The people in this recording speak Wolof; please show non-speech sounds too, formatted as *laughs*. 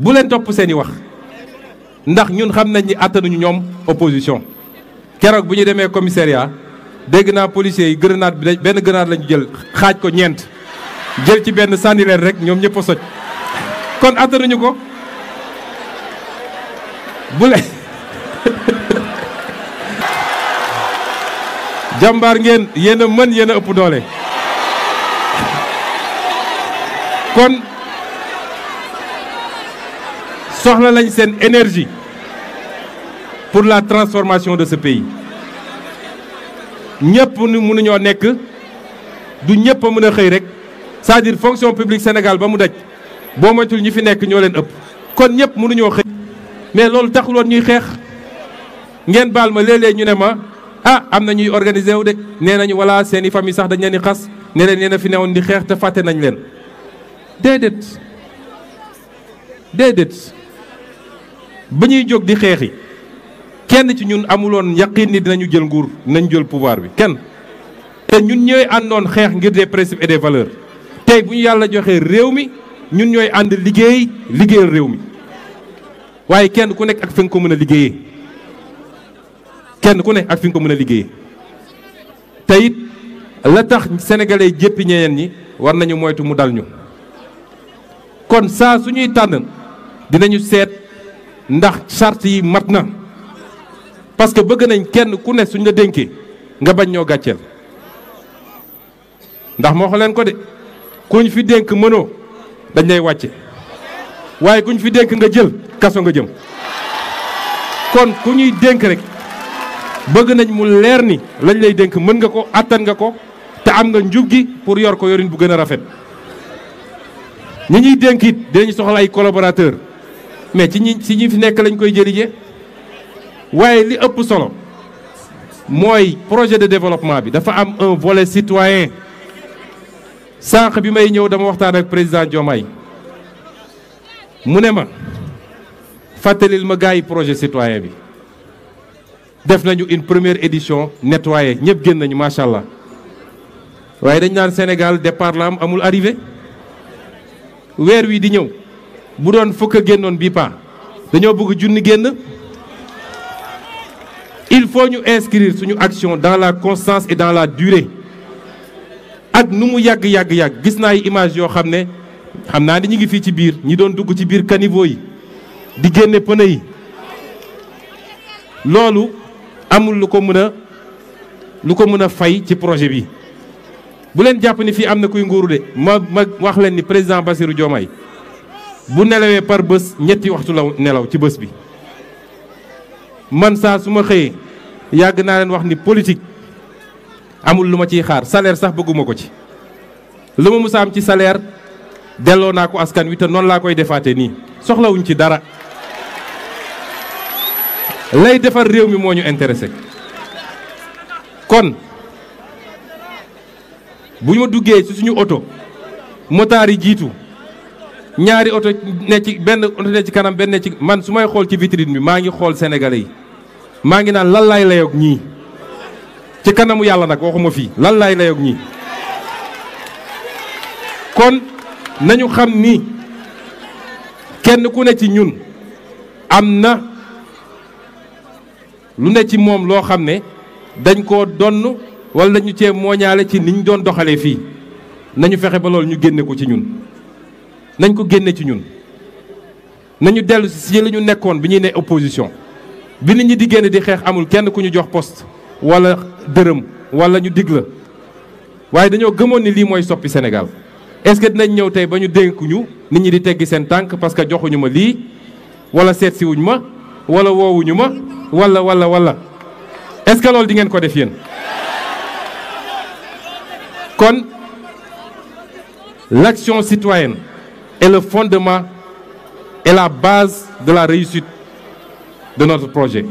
bu leen topp seen i wax ndax ñun xam nañ ni attanuñu ñoom opposition keroog bu ñu demee commissariat dégg naa policiers yi grenade bi benn grenade lañu jël xaaj ko ñeent jël ci benn sànni rek ñoom ñëpp a soj kon attanuñu ko bu leen *laughs* jàmbaar ngeen yéen a mën yéen ëpp doole kon soxla nañ seen énergie pour la transformation de ce pays ñëpp mënuñoo nekk du ñëpp a mën a xëy rek c'est-à-dire publique Sénégal ba mu daj boo moytul ñi fi nekk ñoo leen ëpp kon ñëpp mënuñoo xëy mais loolu taxuloon ñuy xeex ngeen baal ma léeg-léeg ñu ne ma ah am na ñuy organiser wu de nee nañu voilà seen i famille sax dañ leen xas ne leen yéen a fi newoon di xeex te fàtte nañ leen déedéet déedéet ba ñuy jóg di xeexi kenn ci ñun amuloon yaqin ni dinañu jël nguur nañ jël pouvoir bi kenn te ñun ñooy àndoon xeex ngir des principes et des valeurs tey bu ñu yàlla joxee réew mi ñun ñooy ànd liggéey liggéeyal réew mi waaye kenn ku nekk ak fi nga ko mën a liggéeyee kenn ku nekk ak fi nga ko mën a liggéeyee te it la tax sénégalais jéppi ñeneen ñi war nañu moytu mu dal ñu kon saa suñuy tànn dinañu seet ndax sart yi mat na parce que bëgg nañ kenn ku ne suñ la dénkee nga bañ ñoo gàcceel ndax moo xam leen ko de kuñ fi dénk mënoo dañ lay wàcce waaye kuñ fi dénk nga jël kaso nga jëm kon ku ñuy dénk rek bëgg nañ mu leer ni lañ lay dénk mën nga ko attan nga ko te am nga njub gi pour yor ko yorin bu gën a rafet ñi ñuy dénk it dinañ soxla ay collaborateur mais ci ñi ci ñi fi nekk lañu koy jëriñee waaye li ëpp solo mooy projet de développement bi dafa am un volet citoyen sànq bi may ñëw dama waxtaan ak président Diomaye mu ne ma fàttalil ma gars yi projet citoyen bi def nañu une première édition nettoyée ñëpp génn nañu macha allah waaye dañ naan Sénégal départ la amul arrivé weer wi di ñëw. bu doon fukk génnoon bi pa dañoo bëgg junni génn il faut ñu inscrire suñu action dans la constance et dans la durée ak nu mu yàgg yàgg yàgg gis naa ay image yoo xam ne xam naa ni ñu ngi fii ci biir ñi doon dugg ci biir caniveau yi di génne pneu loolu amul lu ko mën a lu ko mën a fay ci projet bi bu leen jàpp ni fii am na kuy nguuru de ma ma wax leen ni président Bassirou Diomaye bu nelawee par bës ñetti waxtu la nelaw ci bës bi man saa su xëyee yàgg naa leen wax ni politik amul lu ma ciy xaar salaire sax bëgguma ko ci lu ma musa am ci salaire delloo naa ko askan wi te noonu laa koy defaate nii soxlawuñ ci dara lay defar réew mi moo ñu intéressé kon bu ñu ma duggee ci suñu oto motaar jiitu ñaari oto ne ci benn oto ne ci kanam benn ne ci man su may xool ci vitrine bi maa ngi xool sénégalais yi maa ngi naan lan laay layoog ñii ci kanamu yàlla nag waxuma fii lan laay layoog ñii kon nañu xam ni kenn ku ne ci ñun am na lu ne ci moom loo xam ne dañ ko donn wala dañu cee mooñaale ci niñ doon doxalee fii nañu fexe ba loolu ñu génne ko ci ñun nañ ko génne ci ñun nañu dellu si la ñu nekkoon bi ñuy ne opposition bi nit ñi di génn di xeex amul kenn ku ñu jox post wala dërëm wala ñu digla waaye dañoo gëmoon ni lii mooy soppi Sénégal est-ce que dinañ ñëw tey ba ñu dénkuñu nit ñi di teggi seen tànk parce que joxuñu ma lii wala seet ma wala woowuñu ma walla walla walla est-ce que loolu di ngeen ko def yéen kon l'action citoyenne est le fondement et la base de la réussite de notre projet.